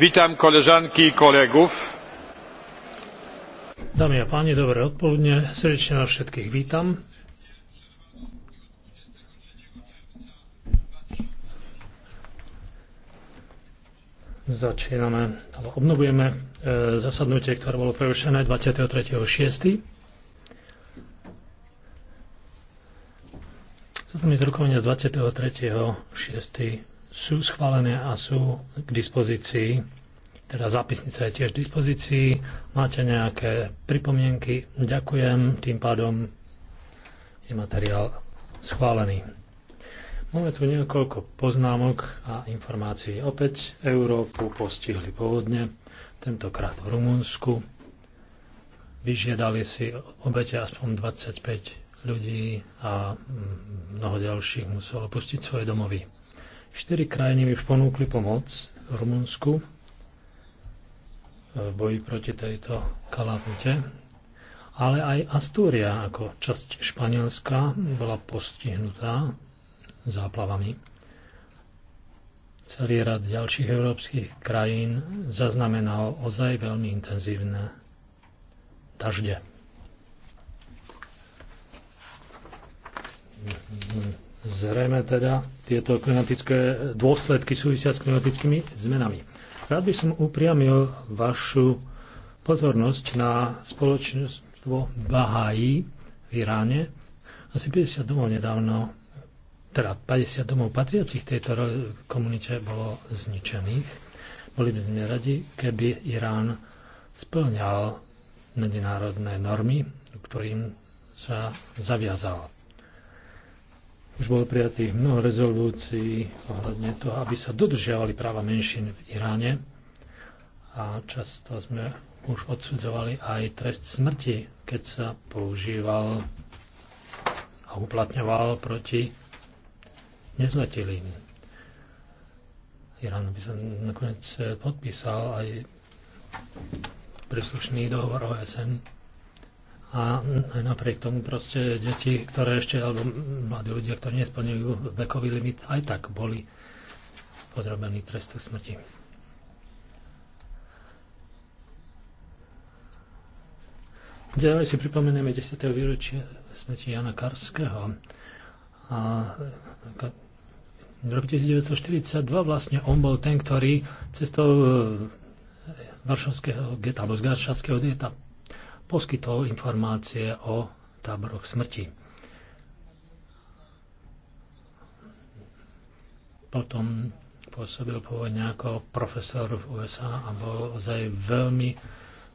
Witam koleżanki i kolegów. Dámy a páni, dobré odpoludne. Srdečne vás všetkých vítam. Začíname, alebo obnovujeme e, zasadnutie, ktoré bolo prerušené 23.6. Zaznamená z rokovania z 23.6 sú schválené a sú k dispozícii. Teda zápisnica je tiež k dispozícii. Máte nejaké pripomienky? Ďakujem. Tým pádom je materiál schválený. Máme tu niekoľko poznámok a informácií. Opäť Európu postihli povodne, tentokrát v Rumunsku. Vyžiadali si obete aspoň 25 ľudí a mnoho ďalších muselo pustiť svoje domovy. Štyri krajiny mi už ponúkli pomoc v Rumunsku e, v boji proti tejto kalamite, ale aj Astúria ako časť Španielska bola postihnutá záplavami. Celý rad ďalších európskych krajín zaznamenal ozaj veľmi intenzívne dažde zrejme teda tieto klimatické dôsledky súvisia s klimatickými zmenami. Rád by som upriamil vašu pozornosť na spoločenstvo Bahá'í v Iráne. Asi 50 domov nedávno, teda 50 domov patriacich tejto komunite bolo zničených. Boli by sme radi, keby Irán splňal medzinárodné normy, ktorým sa zaviazal. Už bolo prijatých mnoho rezolúcií ohľadne toho, aby sa dodržiavali práva menšín v Iráne. A často sme už odsudzovali aj trest smrti, keď sa používal a uplatňoval proti nezletilým. Irán by sa nakoniec podpísal aj príslušný dohovor OSN a aj napriek tomu proste deti, ktoré ešte, alebo mladí ľudia, ktorí nesplňujú vekový limit, aj tak boli podrobení trestu smrti. Ďalej si pripomenieme 10. výročie smrti Jana Karského. A v roku 1942 vlastne on bol ten, ktorý cestou e, varšavského geta, alebo z varšavského geta poskytol informácie o táboroch smrti. Potom pôsobil pôvodne ako profesor v USA a bol ozaj veľmi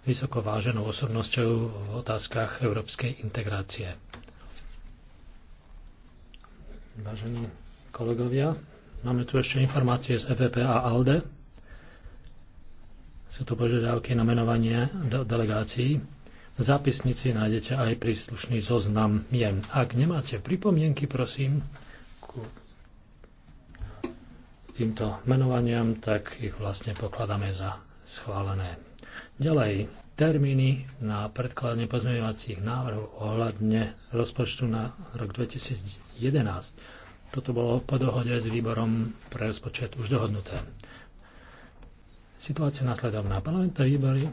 vysoko váženou osobnosťou v otázkach európskej integrácie. Vážení kolegovia, máme tu ešte informácie z EPP a ALDE. Sú to požiadavky na menovanie delegácií. V zápisnici nájdete aj príslušný zoznam mien. Ak nemáte pripomienky, prosím, ku týmto menovaniam, tak ich vlastne pokladáme za schválené. Ďalej, termíny na predkladanie pozmeňovacích návrhov ohľadne rozpočtu na rok 2011. Toto bolo po dohode s výborom pre rozpočet už dohodnuté. Situácia nasledovná. Parlamentné výbory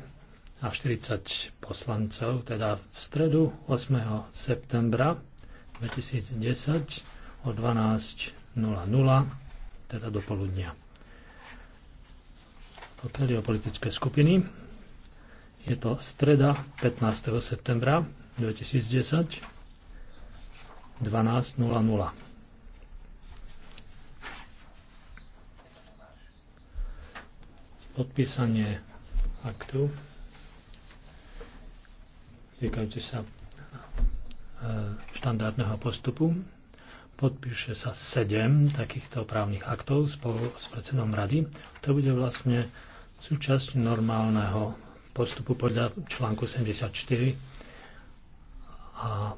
a 40 poslancov, teda v stredu 8. septembra 2010 o 12.00, teda do poludnia. Pokiaľ o politické skupiny, je to streda 15. septembra 2010 12.00. Podpísanie aktu týkajúci sa e, štandardného postupu. Podpíše sa sedem takýchto právnych aktov spolu s predsedom rady. To bude vlastne súčasť normálneho postupu podľa článku 74 a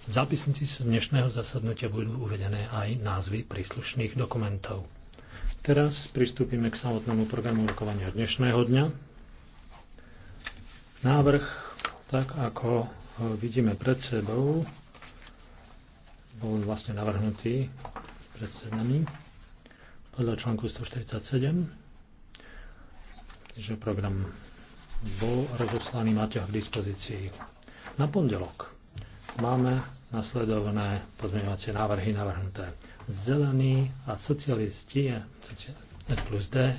v zápisnici z dnešného zasadnutia budú uvedené aj názvy príslušných dokumentov. Teraz pristúpime k samotnému programu rokovania dnešného dňa. Návrh tak ako ho e, vidíme pred sebou, bol vlastne navrhnutý predsedami podľa článku 147, že program bol rozoslaný, máte ho k dispozícii. Na pondelok máme nasledovné pozmeňovacie návrhy navrhnuté. Zelení a socialisti plus D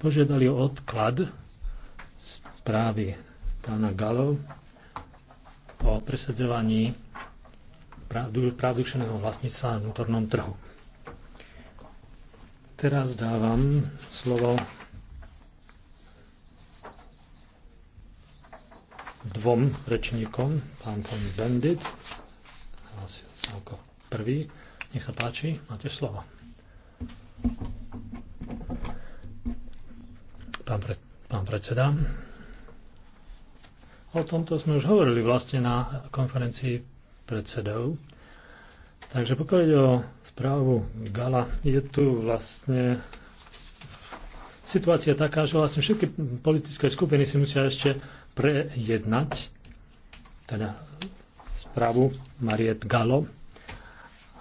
požiadali o odklad správy pána Galov o presadzovaní práv vlastníctva na vnútornom trhu. Teraz dávam slovo dvom rečníkom, pán von Bendit, hlasil sa ako prvý. Nech sa páči, máte slovo. Pán, pre, pán predseda, O tomto sme už hovorili vlastne na konferencii predsedov. Takže pokiaľ ide o správu Gala, je tu vlastne situácia taká, že vlastne všetky politické skupiny si musia ešte prejednať teda správu Mariet Galo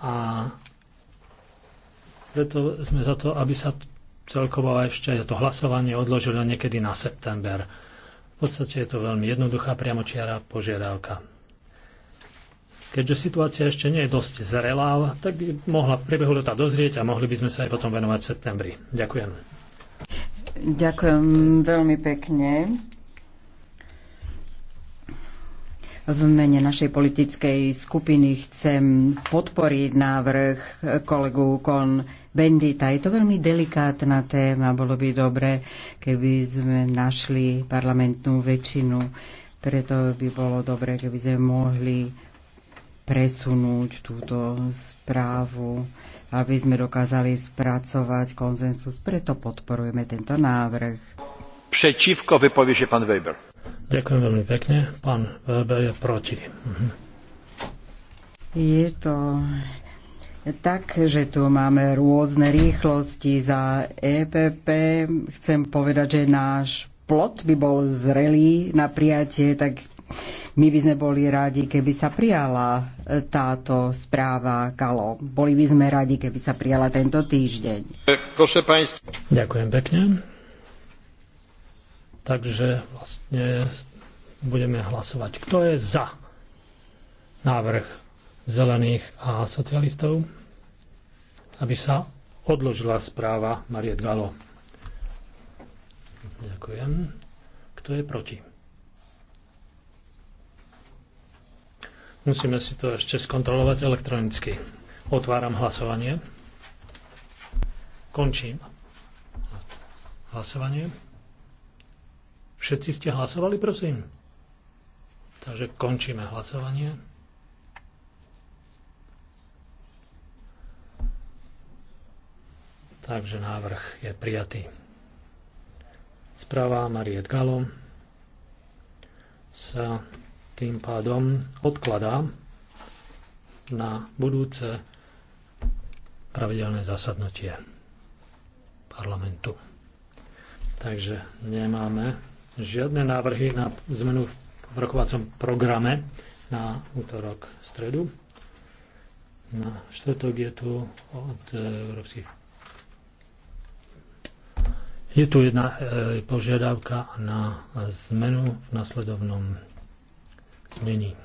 a preto sme za to, aby sa celkovo ešte to hlasovanie odložilo niekedy na september. V podstate je to veľmi jednoduchá priamočiara požiadavka. Keďže situácia ešte nie je dosť zrelá, tak by mohla v priebehu leta dozrieť a mohli by sme sa aj potom venovať v septembri. Ďakujem. Ďakujem veľmi pekne. V mene našej politickej skupiny chcem podporiť návrh kolegu Kon Bendita. Je to veľmi delikátna téma. Bolo by dobre, keby sme našli parlamentnú väčšinu. Preto by bolo dobre, keby sme mohli presunúť túto správu, aby sme dokázali spracovať konzensus. Preto podporujeme tento návrh. Przeciwko wypowie się pan Weber. Ďakujem veľmi pekne. Pán Weber jest proti. Mhm. to tak, že tu máme rôzne rýchlosti za EPP. Chcem povedať, že náš plot by bol zrelý na prijatie, tak my by sme boli radi, keby sa prijala táto správa Kalo. Boli by sme radi, keby sa prijala tento týždeň. Ďakujem pekne. Takže vlastne budeme hlasovať. Kto je za návrh zelených a socialistov, aby sa odložila správa Marie Galo? Ďakujem. Kto je proti? Musíme si to ešte skontrolovať elektronicky. Otváram hlasovanie. Končím hlasovanie. Všetci ste hlasovali, prosím? Takže končíme hlasovanie. Takže návrh je prijatý. Správa Mariet Galo sa tým pádom odkladá na budúce pravidelné zasadnutie parlamentu. Takže nemáme žiadne návrhy na zmenu v rokovacom programe na útorok stredu. Na štvrtok je tu od e, európskych je tu jedna e, požiadavka na zmenu v nasledovnom znení.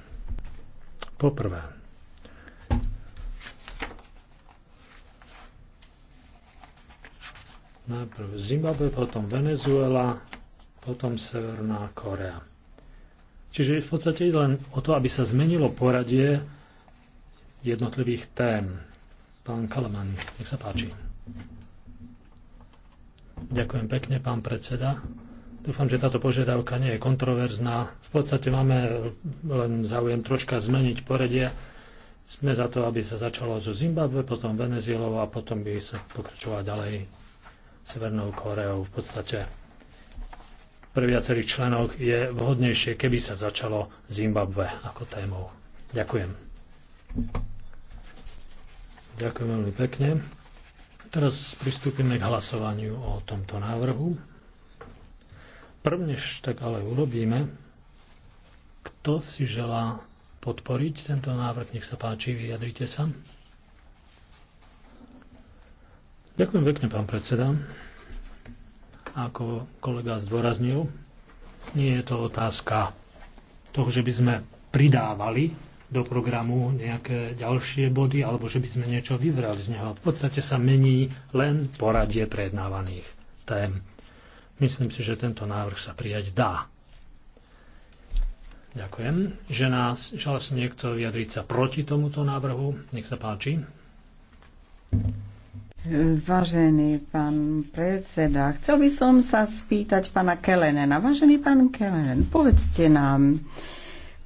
Poprvé, najprv Zimbabwe, potom Venezuela, potom Severná Korea. Čiže v podstate len o to, aby sa zmenilo poradie jednotlivých tém. Pán Kalaman, nech sa páči. Ďakujem pekne, pán predseda. Dúfam, že táto požiadavka nie je kontroverzná. V podstate máme len záujem troška zmeniť poradie. Sme za to, aby sa začalo zo Zimbabwe, potom Venezielou a potom by sa pokračovalo ďalej Severnou Koreou. V podstate pre viacerých členov je vhodnejšie, keby sa začalo Zimbabwe ako témou. Ďakujem. Ďakujem veľmi pekne. Teraz pristúpime k hlasovaniu o tomto návrhu. Prvnež tak ale urobíme, kto si želá podporiť tento návrh, nech sa páči, vyjadrite sa. Ďakujem pekne, pán predseda. Ako kolega zdôraznil, nie je to otázka toho, že by sme pridávali do programu nejaké ďalšie body alebo že by sme niečo vybrali z neho. V podstate sa mení len poradie prejednávaných tém. Myslím si, že tento návrh sa prijať dá. Ďakujem. Že nás žal niekto vyjadriť sa proti tomuto návrhu. Nech sa páči. Vážený pán predseda, chcel by som sa spýtať pána Kelenena. Vážený pán Kelenen, povedzte nám,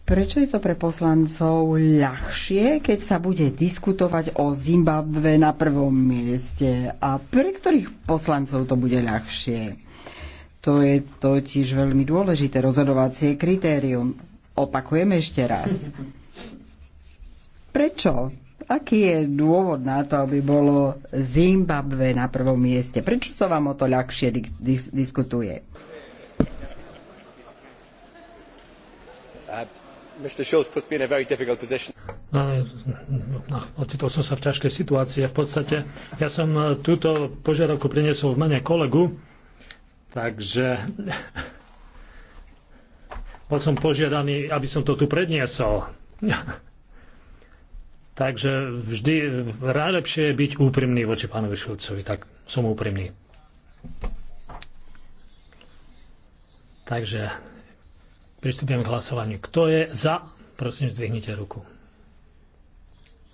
prečo je to pre poslancov ľahšie, keď sa bude diskutovať o Zimbabve na prvom mieste a pre ktorých poslancov to bude ľahšie? To je totiž veľmi dôležité rozhodovacie kritérium. Opakujem ešte raz. Prečo Aký je dôvod na to, aby bolo Zimbabve na prvom mieste? Prečo sa vám o to ľahšie di- dis- diskutuje? Uh, Mr. Schulz puts me in a very difficult position. No, ocitol som sa v ťažkej situácii a v podstate ja som uh, túto požiadavku priniesol v mene kolegu, takže bol som požiadaný, aby som to tu predniesol. Takže vždy eh, najlepšie je byť úprimný voči pánovi Šulcovi. Tak som úprimný. Takže pristupujem k hlasovaniu. Kto je za, prosím, zdvihnite ruku.